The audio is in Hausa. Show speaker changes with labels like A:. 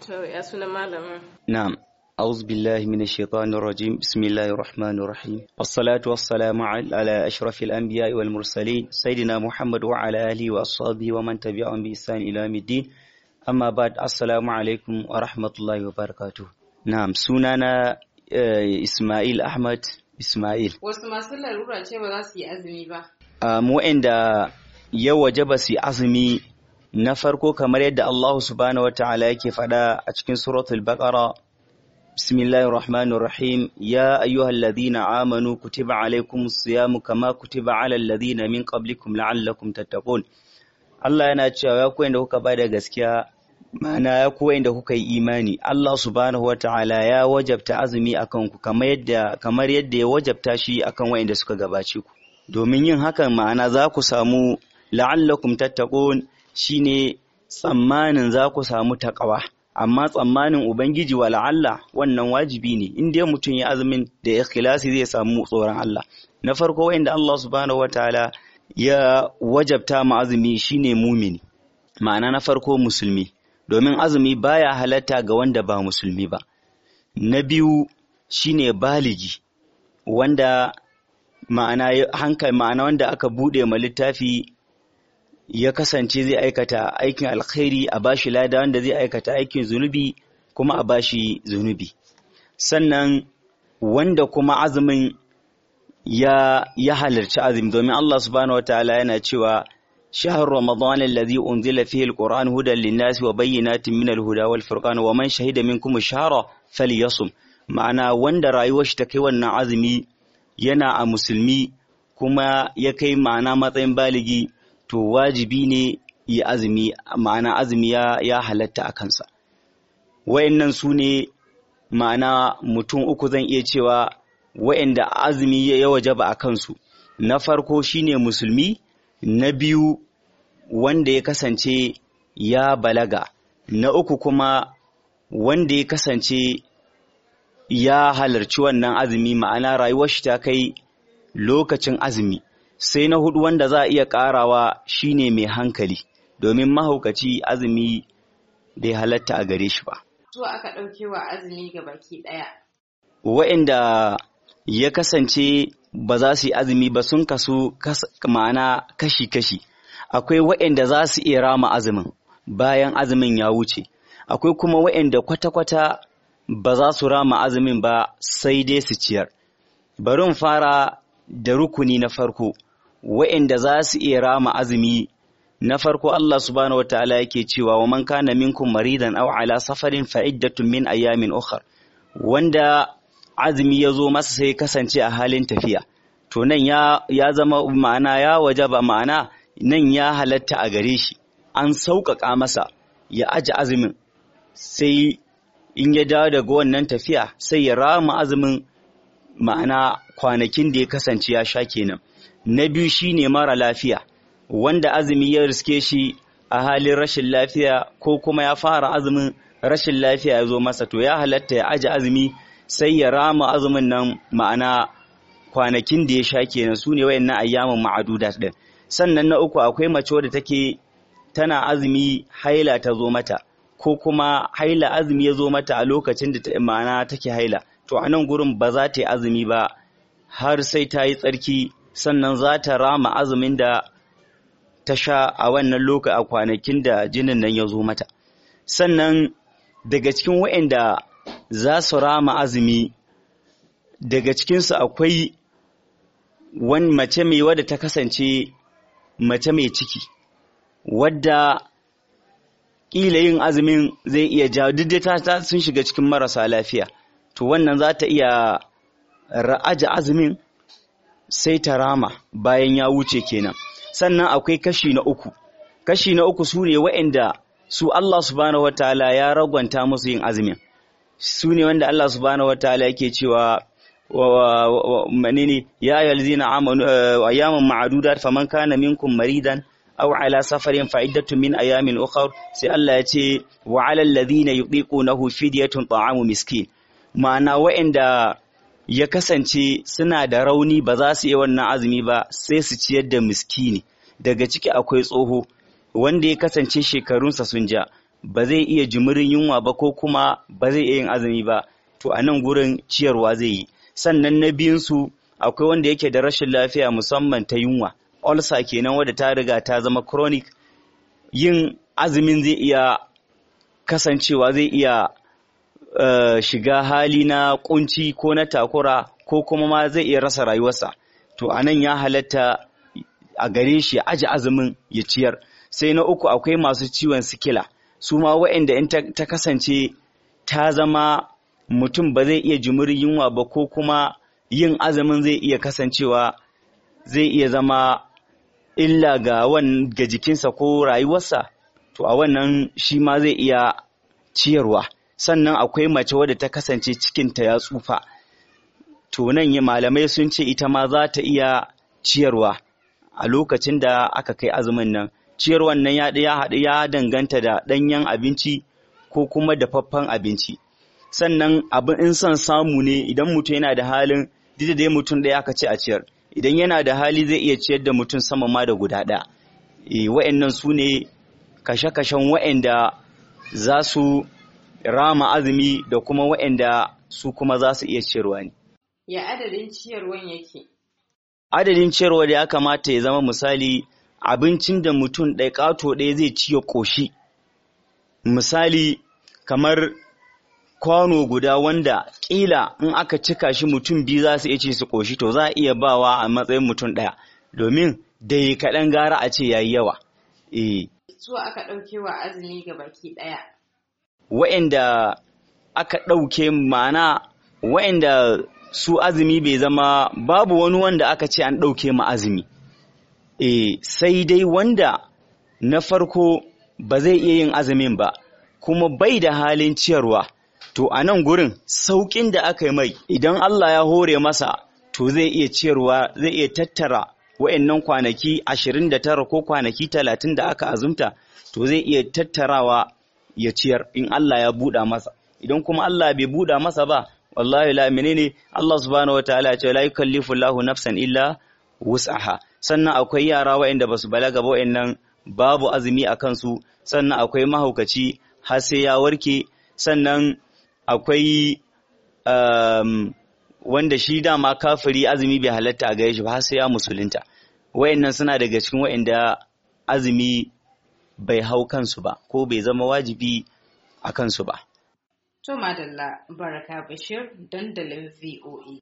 A: To أعوذ بالله من الشيطان الرجيم بسم الله الرحمن الرحيم والصلاة والسلام على أشرف الأنبياء والمرسلين سيدنا محمد وعلى آله وأصحابه ومن تبعهم بإحسان إلى يوم الدين أما بعد السلام عليكم ورحمة الله وبركاته نعم سنانا إسماعيل أحمد إسماعيل wasu masu larura ce ba za su yi azumi ba. Um, wa'anda ya wajaba su azumi na farko kamar yadda Allah subhanahu wata'ala yake faɗa a cikin suratul baqara bismillahir rahmanir rahim ya ladina amanu kutiba alaykumus siyamu kama kutiba alal ladina min qablikum la'allakum tattaqun Allah yana cewa ya ku da kuka ba da gaskiya mana ya ku da kuka yi imani Allah subhanahu wata'ala ya wajabta azumi akan ku kamar yadda kamar yadda ya wajabta shi akan wayanda suka gabace ku domin yin hakan ma'ana za ku samu la'allakum tattaqun Shi ne tsammanin za ku samu taƙawa amma tsammanin ubangiji wa la'alla wannan wajibi ne in dai mutum ya azumin da ikhlasi zai samu tsoron Allah na farko wanda Allah subhanahu wataala ya wajabta ma azumi shine mumini ma'ana na farko musulmi domin azumi baya halatta ga wanda ba musulmi ba na biyu shine baligi wanda ma'ana hankali ma'ana wanda aka bude ma littafi ya kasance zai aikata aikin alkhairi a bashi lada wanda zai aikata aikin zunubi kuma a bashi zunubi sannan wanda kuma azumin ya halarci azumi domin Allah subhanahu wataala yana cewa شهر رمضان الذي أنزل فيه القرآن هدى للناس وبينات من الهدى والفرقان ومن شهد منكم الشهر فليصم ma'ana wanda rayuwar shi ta kai wannan azumi yana a musulmi kuma ya kai ma'ana matsayin baligi to wajibi ne ya azumi ma'ana azumi ya, ya halatta a kansa wayannan su ne ma'ana mutum uku zan iya cewa wayanda azumi ya wajaba a kansu na farko shine musulmi na biyu wanda ya kasance ya balaga na uku kuma wanda ya kasance ya halarci wannan azumi ma'ana rayuwar shi ta kai lokacin azumi sai na hudu wanda za a iya ƙarawa shine mai hankali domin mahaukaci azumi bai halatta a gare shi ba. Zuwa aka ɗauke wa azumi ga baki ɗaya. Wa'inda ya kasance ba za su yi azumi ba sun kasu ma'ana kashi-kashi. Akwai wa'inda za su iya rama azumin bayan azumin ya wuce. Akwai kuma wa'inda kwata-kwata ba za su rama azumin ba sai dai su ciyar. Bari fara da rukuni na farko. wa'inda za su iya rama azumi na farko Allah subhanahu wataala yake cewa wa man kana minkum maridan aw ala safarin fa iddatun min ayamin ukhar wanda azumi ya zo masa sai kasance a halin tafiya to nan ya ya zama ma'ana ya wajaba ma'ana nan ya halatta a gare shi an sauƙaƙa masa ya aji azumin sai in ya dawo daga wannan tafiya sai ya rama azumin ma'ana kwanakin da ya kasance ya sha kenan na biyu ne mara lafiya wanda azumi ya riske shi a halin rashin lafiya ko kuma ya fara azumin rashin lafiya ya zo masa to ya halatta ya aji azumi sai ya rama azumin nan ma'ana kwanakin da ya sha kenan su ne wayannan ayyamin ma'adudat din sannan na uku akwai mace wadda take tana azumi haila ta zo mata ko kuma haila azumi ya zo mata a lokacin da ta ma'ana take haila to a nan gurin ba za ta yi azumi ba har sai ta yi tsarki sannan za ta rama azumin da ta sha a wannan loka a kwanakin da jinin nan ya zo mata sannan daga cikin wa'inda za su rama azumi daga cikinsu akwai wani mace mai wadda ta kasance mace mai ciki wadda ƙila yin azumin zai iya jawo duk ta sun shiga cikin marasa lafiya to wannan za ta iya ra'aja azumin sai ta rama bayan ya wuce kenan sannan akwai kashi na uku kashi na uku sune waɗanda su Allah subhanahu wataala ya ragwanta musu yin azumin sune wanda Allah subhanahu wataala yake cewa menene ya ayyuhallazina amanu eh, ayyaman ma'dudat faman kana minkum maridan aw ala safarin fa min ayamin ukhra sai Allah ya ce wa alal ladina yuqiqunahu fidyatun ta'amu miskin ma'ana waɗanda ya kasance suna da rauni ba za su yi wannan azumi ba sai su ciyar da miskini daga ciki akwai tsoho wanda ya kasance shekarunsa sun ja ba zai iya jimirin yunwa ba ko kuma ba zai iya yin azumi ba to a nan gurin ciyarwa zai yi sannan na biyunsu akwai wanda yake da rashin lafiya musamman ta yunwa olsa kenan wadda ta riga ta zama chronic yin azumin zai iya kasancewa zai iya Eh, shiga hali na kunci ko na takura ko kuma ma zai iya rasa rayuwarsa to a nan ya halatta a gare shi ya aji azumin ya ciyar sai na uku akwai masu ciwon sikila su ma waɗanda in ta kasance ta zama mutum ba zai iya jimurin yunwa ba ko kuma yin azumin zai iya kasancewa zai iya zama illa ga wan ga jikinsa ko rayuwarsa to a wannan shi ma zai iya ciyarwa sannan akwai mace wadda ta kasance cikinta ya tsufa to nan malamai sun ce ita ma za ta iya ciyarwa a lokacin da aka kai azumin nan ciyarwan nan ya ya haɗu ya danganta da ɗanyen abinci ko kuma dafaffen abinci sannan abin in son samu ne idan mutum yana da halin duk da mutum ɗaya aka ce a ciyar idan yana da hali zai iya ciyar da mutum sama ma da guda ɗaya eh, nan su ne kashe-kashen da za su rama azumi da kuma waɗanda su kuma za su iya ciyarwa ne. Ya adadin ciyarwan yake? Adadin ciyarwa da ya kamata ya zama misali abincin da mutum ɗaya ƙato ɗaya zai ci ƙoshi. Misali kamar kwano guda wanda ƙila in aka cika shi mutum biyu za su iya ci su ƙoshi to za a iya bawa a matsayin mutum ɗaya domin da yi kaɗan gara a ce ya yi yawa. Eh. Su aka wa azumi ga baki ɗaya. wa'inda aka ɗauke ma'ana wa'inda su azumi bai zama babu wani wanda aka ce an ɗauke ma azumi e, sai dai wanda na farko ba zai iya yin azumin ba kuma bai da halin ciyarwa to a nan gurin sauƙin da aka yi mai idan Allah ya hore masa to zai iya ciyarwa zai iya tattara wa'annan kwanaki ashirin da tara ko kwanaki talatin da aka azumta to zai iya tattarawa ya ciyar in Allah ya buɗa masa idan kuma Allah bai buɗa masa ba wallahi la menene Allah subhanahu wataala ya ce la yukallifu Allahu nafsan illa wus'aha sannan akwai yara waɗanda basu balaga ba waɗannan babu azumi a kansu sannan akwai mahaukaci har sai ya warke sannan akwai um, wanda shi dama kafiri azumi bai halatta a gare shi ba har sai ya musulunta wayannan suna daga cikin wayanda azumi bai hau kansu ba ko bai zama wajibi a kansu ba. To Madalla Baraka Bashir dandalin VOA. E.